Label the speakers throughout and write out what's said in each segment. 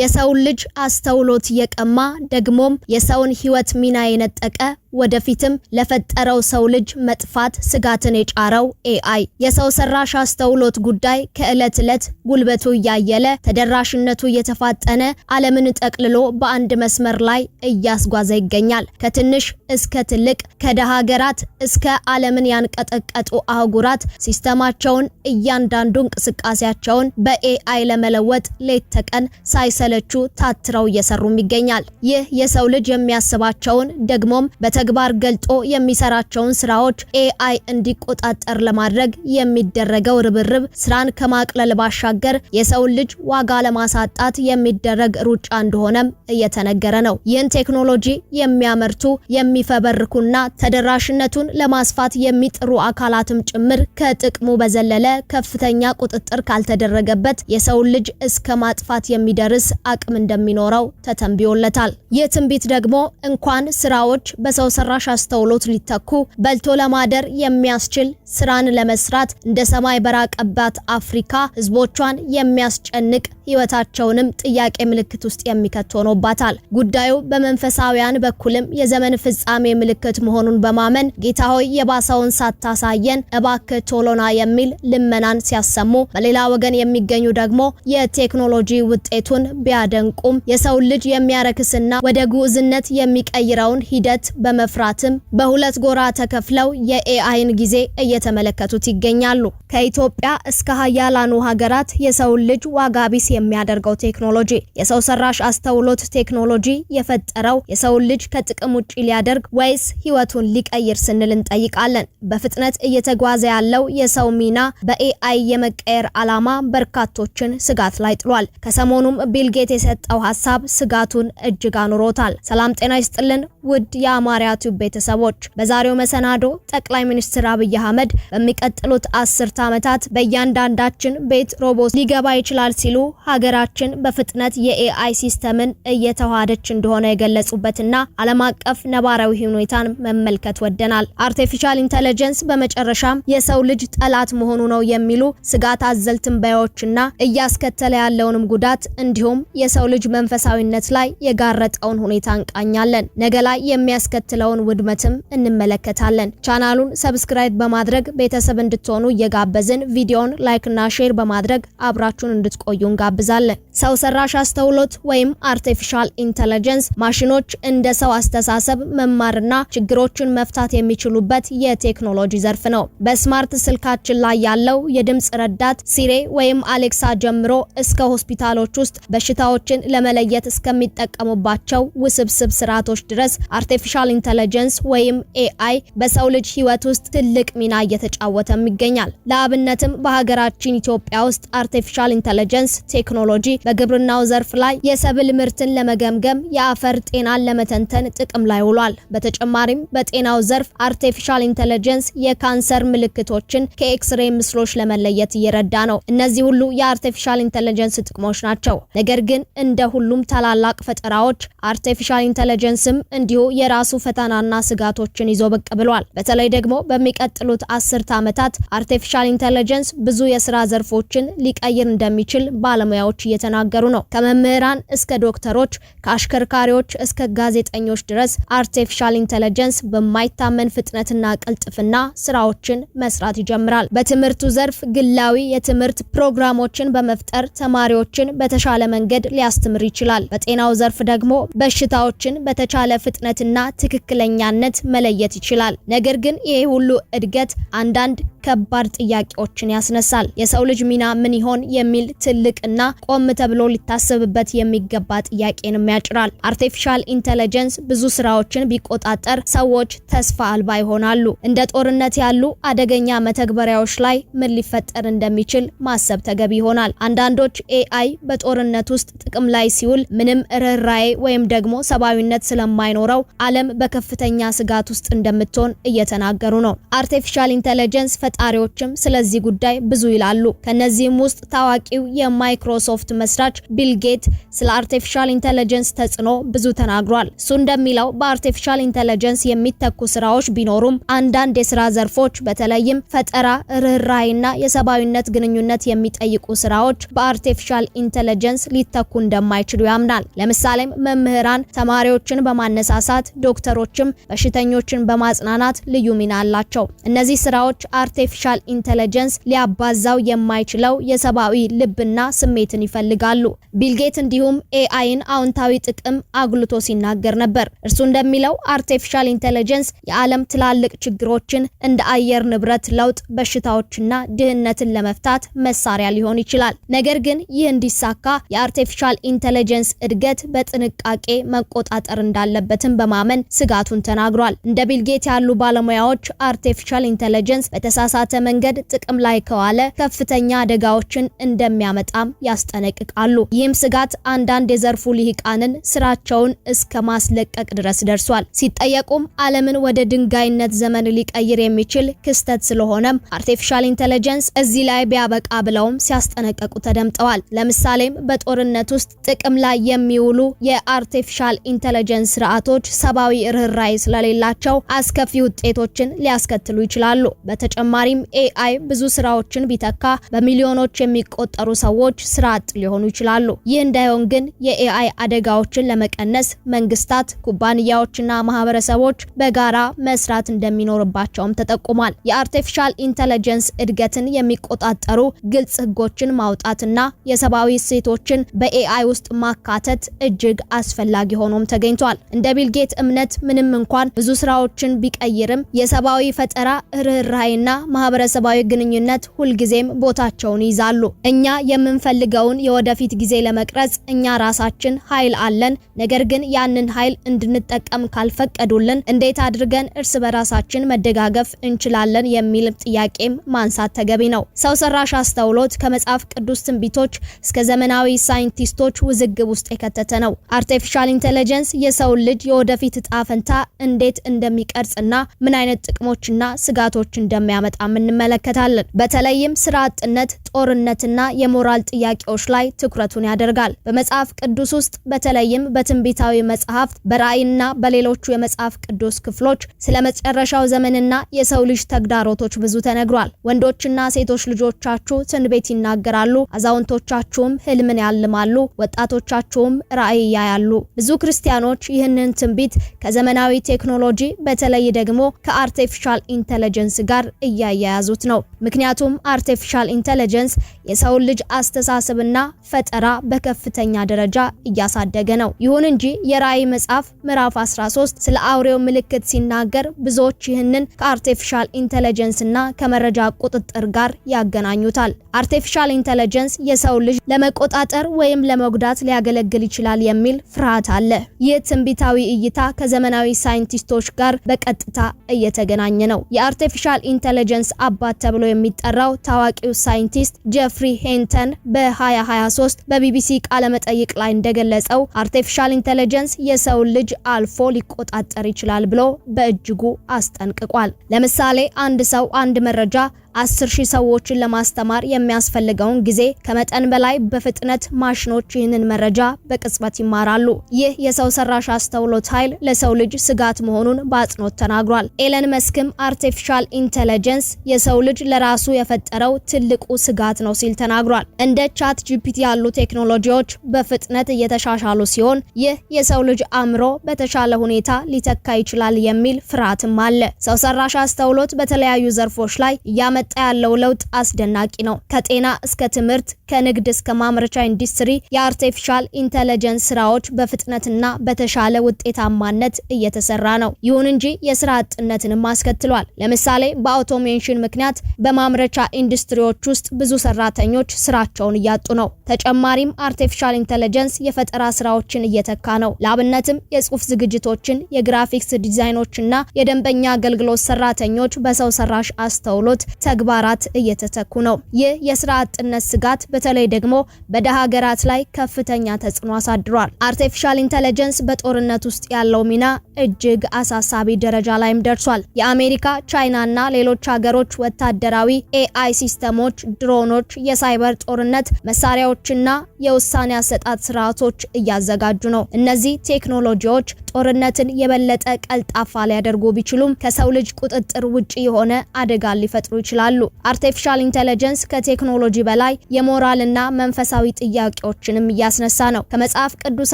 Speaker 1: የሰውን ልጅ አስተውሎት የቀማ ደግሞም የሰውን ሕይወት ሚና የነጠቀ ወደፊትም ለፈጠረው ሰው ልጅ መጥፋት ስጋትን የጫረው ኤአይ የሰው ሰራሽ አስተውሎት ጉዳይ ከዕለት ዕለት ጉልበቱ እያየለ ተደራሽነቱ እየተፋጠነ ዓለምን ጠቅልሎ በአንድ መስመር ላይ እያስጓዘ ይገኛል። ከትንሽ እስከ ትልቅ፣ ከደሃ ሀገራት እስከ ዓለምን ያንቀጠቀጡ አህጉራት ሲስተማቸውን፣ እያንዳንዱ እንቅስቃሴያቸውን በኤአይ ለመለወጥ ሌት ተቀን ሳይሰለቹ ታትረው እየሰሩም ይገኛል። ይህ የሰው ልጅ የሚያስባቸውን ደግሞም በተ በተግባር ገልጦ የሚሰራቸውን ስራዎች ኤአይ እንዲቆጣጠር ለማድረግ የሚደረገው ርብርብ ስራን ከማቅለል ባሻገር የሰውን ልጅ ዋጋ ለማሳጣት የሚደረግ ሩጫ እንደሆነም እየተነገረ ነው። ይህን ቴክኖሎጂ የሚያመርቱ የሚፈበርኩና ተደራሽነቱን ለማስፋት የሚጥሩ አካላትም ጭምር ከጥቅሙ በዘለለ ከፍተኛ ቁጥጥር ካልተደረገበት የሰውን ልጅ እስከ ማጥፋት የሚደርስ አቅም እንደሚኖረው ተተንብዮለታል። ይህ ትንቢት ደግሞ እንኳን ስራዎች በሰው ሰው ሰራሽ አስተውሎት ሊተኩ በልቶ ለማደር የሚያስችል ስራን ለመስራት እንደ ሰማይ በራቀባት አፍሪካ ህዝቦቿን የሚያስጨንቅ ህይወታቸውንም ጥያቄ ምልክት ውስጥ የሚከት ሆኖባታል። ጉዳዩ በመንፈሳውያን በኩልም የዘመን ፍጻሜ ምልክት መሆኑን በማመን ጌታ ሆይ የባሰውን ሳታሳየን እባክ ቶሎና የሚል ልመናን ሲያሰሙ፣ በሌላ ወገን የሚገኙ ደግሞ የቴክኖሎጂ ውጤቱን ቢያደንቁም የሰው ልጅ የሚያረክስና ወደ ግዑዝነት የሚቀይረውን ሂደት በ በመፍራትም በሁለት ጎራ ተከፍለው የኤአይን ጊዜ እየተመለከቱት ይገኛሉ። ከኢትዮጵያ እስከ ሀያላኑ ሀገራት የሰውን ልጅ ዋጋ ቢስ የሚያደርገው ቴክኖሎጂ፣ የሰው ሰራሽ አስተውሎት ቴክኖሎጂ የፈጠረው የሰውን ልጅ ከጥቅም ውጭ ሊያደርግ ወይስ ህይወቱን ሊቀይር ስንል እንጠይቃለን። በፍጥነት እየተጓዘ ያለው የሰው ሚና በኤአይ የመቀየር አላማ በርካቶችን ስጋት ላይ ጥሏል። ከሰሞኑም ቢልጌት የሰጠው ሀሳብ ስጋቱን እጅግ አኑሮታል። ሰላም ጤና ይስጥልን ውድ የአማርያ የመጀመሪያ ቲዩብ ቤተሰቦች በዛሬው መሰናዶ ጠቅላይ ሚኒስትር አብይ አህመድ በሚቀጥሉት አስርት ዓመታት በእያንዳንዳችን ቤት ሮቦት ሊገባ ይችላል ሲሉ ሀገራችን በፍጥነት የኤአይ ሲስተምን እየተዋሃደች እንደሆነ የገለጹበትና ዓለም አቀፍ ነባራዊ ሁኔታን መመልከት ወደናል። አርቲፊሻል ኢንተለጀንስ በመጨረሻም የሰው ልጅ ጠላት መሆኑ ነው የሚሉ ስጋት አዘል ትንበያዎችና እያስከተለ ያለውንም ጉዳት እንዲሁም የሰው ልጅ መንፈሳዊነት ላይ የጋረጠውን ሁኔታ እንቃኛለን። ነገ ላይ የሚያስከትል የሚያስከትለውን ውድመትም እንመለከታለን። ቻናሉን ሰብስክራይብ በማድረግ ቤተሰብ እንድትሆኑ እየጋበዝን ቪዲዮን ላይክና ሼር በማድረግ አብራችሁን እንድትቆዩ እንጋብዛለን። ሰው ሰራሽ አስተውሎት ወይም አርቲፊሻል ኢንተለጀንስ ማሽኖች እንደ ሰው አስተሳሰብ መማርና ችግሮችን መፍታት የሚችሉበት የቴክኖሎጂ ዘርፍ ነው። በስማርት ስልካችን ላይ ያለው የድምፅ ረዳት ሲሬ ወይም አሌክሳ ጀምሮ እስከ ሆስፒታሎች ውስጥ በሽታዎችን ለመለየት እስከሚጠቀሙባቸው ውስብስብ ስርዓቶች ድረስ አርቲፊሻል ኢንተለጀንስ ወይም ኤአይ በሰው ልጅ ህይወት ውስጥ ትልቅ ሚና እየተጫወተም ይገኛል። ለአብነትም በሀገራችን ኢትዮጵያ ውስጥ አርቲፊሻል ኢንተለጀንስ ቴክኖሎጂ በግብርናው ዘርፍ ላይ የሰብል ምርትን ለመገምገም፣ የአፈር ጤናን ለመተንተን ጥቅም ላይ ውሏል። በተጨማሪም በጤናው ዘርፍ አርቲፊሻል ኢንተለጀንስ የካንሰር ምልክቶችን ከኤክስሬ ምስሎች ለመለየት እየረዳ ነው። እነዚህ ሁሉ የአርቲፊሻል ኢንተለጀንስ ጥቅሞች ናቸው። ነገር ግን እንደ ሁሉም ታላላቅ ፈጠራዎች አርቲፊሻል ኢንተለጀንስም እንዲሁ የራሱ ፈተናና ስጋቶችን ይዞ ብቅ ብሏል። በተለይ ደግሞ በሚቀጥሉት አስርተ ዓመታት አርቲፊሻል ኢንተለጀንስ ብዙ የስራ ዘርፎችን ሊቀይር እንደሚችል ባለሙያዎች እየተናገሩ ነው። ከመምህራን እስከ ዶክተሮች፣ ከአሽከርካሪዎች እስከ ጋዜጠኞች ድረስ አርቲፊሻል ኢንተለጀንስ በማይታመን ፍጥነትና ቅልጥፍና ስራዎችን መስራት ይጀምራል። በትምህርቱ ዘርፍ ግላዊ የትምህርት ፕሮግራሞችን በመፍጠር ተማሪዎችን በተሻለ መንገድ ሊያስተምር ይችላል። በጤናው ዘርፍ ደግሞ በሽታዎችን በተቻለ ፍጥነትና ትክክል ትክክለኛነት መለየት ይችላል። ነገር ግን ይሄ ሁሉ እድገት አንዳንድ ከባድ ጥያቄዎችን ያስነሳል። የሰው ልጅ ሚና ምን ይሆን የሚል ትልቅና ቆም ተብሎ ሊታሰብበት የሚገባ ጥያቄንም ያጭራል። አርቲፊሻል ኢንተለጀንስ ብዙ ስራዎችን ቢቆጣጠር ሰዎች ተስፋ አልባ ይሆናሉ። እንደ ጦርነት ያሉ አደገኛ መተግበሪያዎች ላይ ምን ሊፈጠር እንደሚችል ማሰብ ተገቢ ይሆናል። አንዳንዶች ኤአይ በጦርነት ውስጥ ጥቅም ላይ ሲውል ምንም ርኅራዬ ወይም ደግሞ ሰብአዊነት ስለማይኖረው ዓለም በከፍተኛ ስጋት ውስጥ እንደምትሆን እየተናገሩ ነው። አርቲፊሻል ኢንተለጀንስ ፈጣሪዎችም ስለዚህ ጉዳይ ብዙ ይላሉ። ከነዚህም ውስጥ ታዋቂው የማይክሮሶፍት መስራች ቢል ጌት ስለ አርቲፊሻል ኢንተለጀንስ ተጽዕኖ ብዙ ተናግሯል። እሱ እንደሚለው በአርቲፊሻል ኢንተለጀንስ የሚተኩ ስራዎች ቢኖሩም አንዳንድ የስራ ዘርፎች በተለይም ፈጠራ፣ ርህራሄና የሰብአዊነት ግንኙነት የሚጠይቁ ስራዎች በአርቲፊሻል ኢንተለጀንስ ሊተኩ እንደማይችሉ ያምናል። ለምሳሌም መምህራን ተማሪዎችን በማነሳሳት ዶክተሮችም በሽተኞችን በማጽናናት ልዩ ሚና አላቸው። እነዚህ ስራዎች አርቲ አርቲፊሻል ኢንተለጀንስ ሊያባዛው የማይችለው የሰብአዊ ልብና ስሜትን ይፈልጋሉ። ቢልጌት እንዲሁም ኤአይን አዎንታዊ ጥቅም አጉልቶ ሲናገር ነበር። እርሱ እንደሚለው አርቲፊሻል ኢንተለጀንስ የዓለም ትላልቅ ችግሮችን እንደ አየር ንብረት ለውጥ፣ በሽታዎችና ድህነትን ለመፍታት መሳሪያ ሊሆን ይችላል። ነገር ግን ይህ እንዲሳካ የአርቲፊሻል ኢንተለጀንስ እድገት በጥንቃቄ መቆጣጠር እንዳለበትም በማመን ስጋቱን ተናግሯል። እንደ ቢልጌት ያሉ ባለሙያዎች አርቲፊሻል ኢንተለጀንስ በተሳሳ በተሳሳተ መንገድ ጥቅም ላይ ከዋለ ከፍተኛ አደጋዎችን እንደሚያመጣም ያስጠነቅቃሉ። ይህም ስጋት አንዳንድ የዘርፉ ልሂቃንን ስራቸውን እስከ ማስለቀቅ ድረስ ደርሷል። ሲጠየቁም ዓለምን ወደ ድንጋይነት ዘመን ሊቀይር የሚችል ክስተት ስለሆነም አርቲፊሻል ኢንተለጀንስ እዚህ ላይ ቢያበቃ ብለውም ሲያስጠነቀቁ ተደምጠዋል። ለምሳሌም በጦርነት ውስጥ ጥቅም ላይ የሚውሉ የአርቲፊሻል ኢንተለጀንስ ስርዓቶች ሰብአዊ ርኅራይ ስለሌላቸው አስከፊ ውጤቶችን ሊያስከትሉ ይችላሉ። በተጨማ በተጨማሪም ኤአይ ብዙ ስራዎችን ቢተካ በሚሊዮኖች የሚቆጠሩ ሰዎች ስራ አጥ ሊሆኑ ይችላሉ። ይህ እንዳይሆን ግን የኤአይ አደጋዎችን ለመቀነስ መንግስታት፣ ኩባንያዎችና ማህበረሰቦች በጋራ መስራት እንደሚኖርባቸውም ተጠቁሟል። የአርቲፊሻል ኢንተለጀንስ እድገትን የሚቆጣጠሩ ግልጽ ህጎችን ማውጣትና የሰብአዊ እሴቶችን በኤአይ ውስጥ ማካተት እጅግ አስፈላጊ ሆኖም ተገኝቷል። እንደ ቢልጌት እምነት ምንም እንኳን ብዙ ስራዎችን ቢቀይርም የሰብአዊ ፈጠራ ርኅራይና ማህበረሰባዊ ግንኙነት ሁልጊዜም ቦታቸውን ይዛሉ። እኛ የምንፈልገውን የወደፊት ጊዜ ለመቅረጽ እኛ ራሳችን ኃይል አለን። ነገር ግን ያንን ኃይል እንድንጠቀም ካልፈቀዱልን እንዴት አድርገን እርስ በራሳችን መደጋገፍ እንችላለን የሚል ጥያቄም ማንሳት ተገቢ ነው። ሰው ሰራሽ አስተውሎት ከመጽሐፍ ቅዱስ ትንቢቶች እስከ ዘመናዊ ሳይንቲስቶች ውዝግብ ውስጥ የከተተ ነው። አርቲፊሻል ኢንቴሊጀንስ የሰውን ልጅ የወደፊት እጣ ፈንታ እንዴት እንደሚቀርጽና ምን አይነት ጥቅሞችና ስጋቶች እንደሚያመጣ ሲመጣም እንመለከታለን። በተለይም ስራ አጥነት፣ ጦርነትና የሞራል ጥያቄዎች ላይ ትኩረቱን ያደርጋል። በመጽሐፍ ቅዱስ ውስጥ በተለይም በትንቢታዊ መጽሐፍት፣ በራእይና በሌሎቹ የመጽሐፍ ቅዱስ ክፍሎች ስለ መጨረሻው ዘመንና የሰው ልጅ ተግዳሮቶች ብዙ ተነግሯል። ወንዶችና ሴቶች ልጆቻችሁ ትንቢት ይናገራሉ፣ አዛውንቶቻችሁም ህልምን ያልማሉ፣ ወጣቶቻችሁም ራእይ ያያሉ። ብዙ ክርስቲያኖች ይህንን ትንቢት ከዘመናዊ ቴክኖሎጂ በተለይ ደግሞ ከአርቲፊሻል ኢንተለጀንስ ጋር እያ እያያያዙት ነው። ምክንያቱም አርቲፊሻል ኢንተለጀንስ የሰውን ልጅ አስተሳሰብና ፈጠራ በከፍተኛ ደረጃ እያሳደገ ነው። ይሁን እንጂ የራእይ መጽሐፍ ምዕራፍ 13 ስለ አውሬው ምልክት ሲናገር ብዙዎች ይህንን ከአርቲፊሻል ኢንተለጀንስና ከመረጃ ቁጥጥር ጋር ያገናኙታል። አርቲፊሻል ኢንተለጀንስ የሰው ልጅ ለመቆጣጠር ወይም ለመጉዳት ሊያገለግል ይችላል የሚል ፍርሃት አለ። ይህ ትንቢታዊ እይታ ከዘመናዊ ሳይንቲስቶች ጋር በቀጥታ እየተገናኘ ነው። የአርቲፊሻል ኢንተለጀንስ ኢንቴሊጀንስ አባት ተብሎ የሚጠራው ታዋቂው ሳይንቲስት ጀፍሪ ሄንተን በ2023 በቢቢሲ ቃለ መጠይቅ ላይ እንደገለጸው አርቲፊሻል ኢንቴሊጀንስ የሰውን ልጅ አልፎ ሊቆጣጠር ይችላል ብሎ በእጅጉ አስጠንቅቋል። ለምሳሌ አንድ ሰው አንድ መረጃ አስር ሺህ ሰዎችን ለማስተማር የሚያስፈልገውን ጊዜ ከመጠን በላይ በፍጥነት ማሽኖች ይህንን መረጃ በቅጽበት ይማራሉ። ይህ የሰው ሰራሽ አስተውሎት ኃይል ለሰው ልጅ ስጋት መሆኑን በአጽንኦት ተናግሯል። ኤለን መስክም አርቲፊሻል ኢንተለጀንስ የሰው ልጅ ለራሱ የፈጠረው ትልቁ ስጋት ነው ሲል ተናግሯል። እንደ ቻት ጂፒቲ ያሉ ቴክኖሎጂዎች በፍጥነት እየተሻሻሉ ሲሆን ይህ የሰው ልጅ አእምሮ በተሻለ ሁኔታ ሊተካ ይችላል የሚል ፍርሃትም አለ። ሰው ሰራሽ አስተውሎት በተለያዩ ዘርፎች ላይ እያመ እየመጣ ያለው ለውጥ አስደናቂ ነው። ከጤና እስከ ትምህርት፣ ከንግድ እስከ ማምረቻ ኢንዱስትሪ የአርቲፊሻል ኢንተለጀንስ ስራዎች በፍጥነትና በተሻለ ውጤታማነት እየተሰራ ነው። ይሁን እንጂ የስራ አጥነትንም አስከትሏል። ለምሳሌ በአውቶሜሽን ምክንያት በማምረቻ ኢንዱስትሪዎች ውስጥ ብዙ ሰራተኞች ስራቸውን እያጡ ነው። ተጨማሪም አርቲፊሻል ኢንተለጀንስ የፈጠራ ስራዎችን እየተካ ነው። ለአብነትም የጽሁፍ ዝግጅቶችን፣ የግራፊክስ ዲዛይኖችና የደንበኛ አገልግሎት ሰራተኞች በሰው ሰራሽ አስተውሎት ተግባራት እየተተኩ ነው። ይህ የስራ አጥነት ስጋት በተለይ ደግሞ በደሃ ሀገራት ላይ ከፍተኛ ተጽዕኖ አሳድሯል። አርቲፊሻል ኢንተለጀንስ በጦርነት ውስጥ ያለው ሚና እጅግ አሳሳቢ ደረጃ ላይም ደርሷል። የአሜሪካ ቻይናና ሌሎች ሀገሮች ወታደራዊ ኤአይ ሲስተሞች፣ ድሮኖች፣ የሳይበር ጦርነት መሳሪያዎችና የውሳኔ አሰጣጥ ስርዓቶች እያዘጋጁ ነው። እነዚህ ቴክኖሎጂዎች ጦርነትን የበለጠ ቀልጣፋ ሊያደርጉ ቢችሉም ከሰው ልጅ ቁጥጥር ውጪ የሆነ አደጋ ሊፈጥሩ ይችላል። ይችላሉ። አርቲፊሻል ኢንተለጀንስ ከቴክኖሎጂ በላይ የሞራልና መንፈሳዊ ጥያቄዎችንም እያስነሳ ነው። ከመጽሐፍ ቅዱስ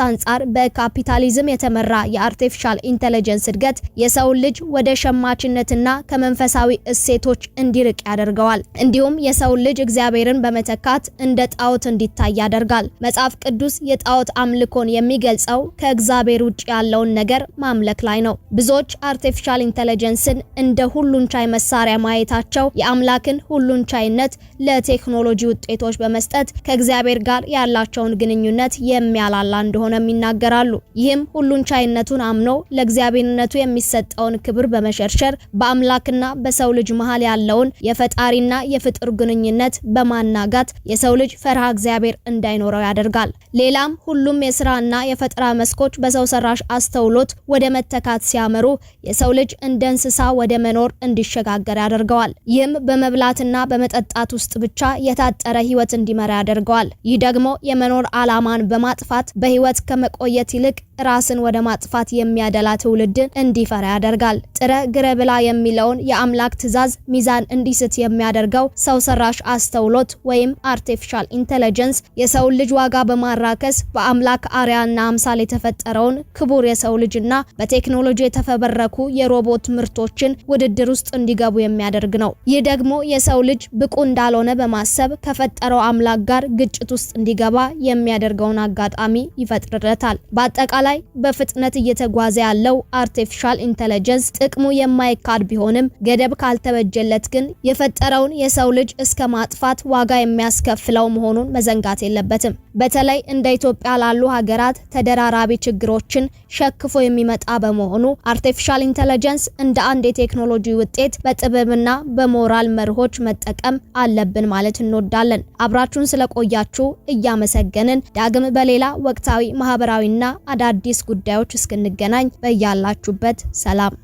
Speaker 1: አንጻር በካፒታሊዝም የተመራ የአርቲፊሻል ኢንተለጀንስ እድገት የሰውን ልጅ ወደ ሸማችነትና ከመንፈሳዊ እሴቶች እንዲርቅ ያደርገዋል። እንዲሁም የሰውን ልጅ እግዚአብሔርን በመተካት እንደ ጣዖት እንዲታይ ያደርጋል። መጽሐፍ ቅዱስ የጣዖት አምልኮን የሚገልጸው ከእግዚአብሔር ውጭ ያለውን ነገር ማምለክ ላይ ነው። ብዙዎች አርቲፊሻል ኢንተለጀንስን እንደ ሁሉን ቻይ መሳሪያ ማየታቸው አምላክን ሁሉን ቻይነት ለቴክኖሎጂ ውጤቶች በመስጠት ከእግዚአብሔር ጋር ያላቸውን ግንኙነት የሚያላላ እንደሆነም ይናገራሉ። ይህም ሁሉን ቻይነቱን አምኖ ለእግዚአብሔርነቱ የሚሰጠውን ክብር በመሸርሸር በአምላክና በሰው ልጅ መሀል ያለውን የፈጣሪና የፍጡር ግንኙነት በማናጋት የሰው ልጅ ፈርሃ እግዚአብሔር እንዳይኖረው ያደርጋል። ሌላም ሁሉም የስራና የፈጠራ መስኮች በሰው ሰራሽ አስተውሎት ወደ መተካት ሲያመሩ የሰው ልጅ እንደ እንስሳ ወደ መኖር እንዲሸጋገር ያደርገዋል። ይህም በመብላትና በመጠጣት ውስጥ ብቻ የታጠረ ህይወት እንዲመራ ያደርገዋል። ይህ ደግሞ የመኖር ዓላማን በማጥፋት በህይወት ከመቆየት ይልቅ ራስን ወደ ማጥፋት የሚያደላ ትውልድን እንዲፈራ ያደርጋል። ጥረ ግረ ብላ የሚለውን የአምላክ ትዕዛዝ ሚዛን እንዲስት የሚያደርገው ሰው ሰራሽ አስተውሎት ወይም አርቲፊሻል ኢንተለጀንስ የሰውን ልጅ ዋጋ በማራከስ በአምላክ አርያና አምሳል የተፈጠረውን ክቡር የሰው ልጅና በቴክኖሎጂ የተፈበረኩ የሮቦት ምርቶችን ውድድር ውስጥ እንዲገቡ የሚያደርግ ነው። ይህ ደግሞ የሰው ልጅ ብቁ እንዳልሆነ በማሰብ ከፈጠረው አምላክ ጋር ግጭት ውስጥ እንዲገባ የሚያደርገውን አጋጣሚ ይፈጥርለታል። በአጠቃላይ ላይ በፍጥነት እየተጓዘ ያለው አርቲፊሻል ኢንተለጀንስ ጥቅሙ የማይካድ ቢሆንም ገደብ ካልተበጀለት ግን የፈጠረውን የሰው ልጅ እስከ ማጥፋት ዋጋ የሚያስከፍለው መሆኑን መዘንጋት የለበትም። በተለይ እንደ ኢትዮጵያ ላሉ ሀገራት ተደራራቢ ችግሮችን ሸክፎ የሚመጣ በመሆኑ አርቲፊሻል ኢንተለጀንስ እንደ አንድ የቴክኖሎጂ ውጤት በጥበብና በሞራል መርሆች መጠቀም አለብን ማለት እንወዳለን። አብራችሁን ስለቆያችሁ እያመሰገንን ዳግም በሌላ ወቅታዊ ማህበራዊና አዳ በአዳዲስ ጉዳዮች እስክንገናኝ በያላችሁበት ሰላም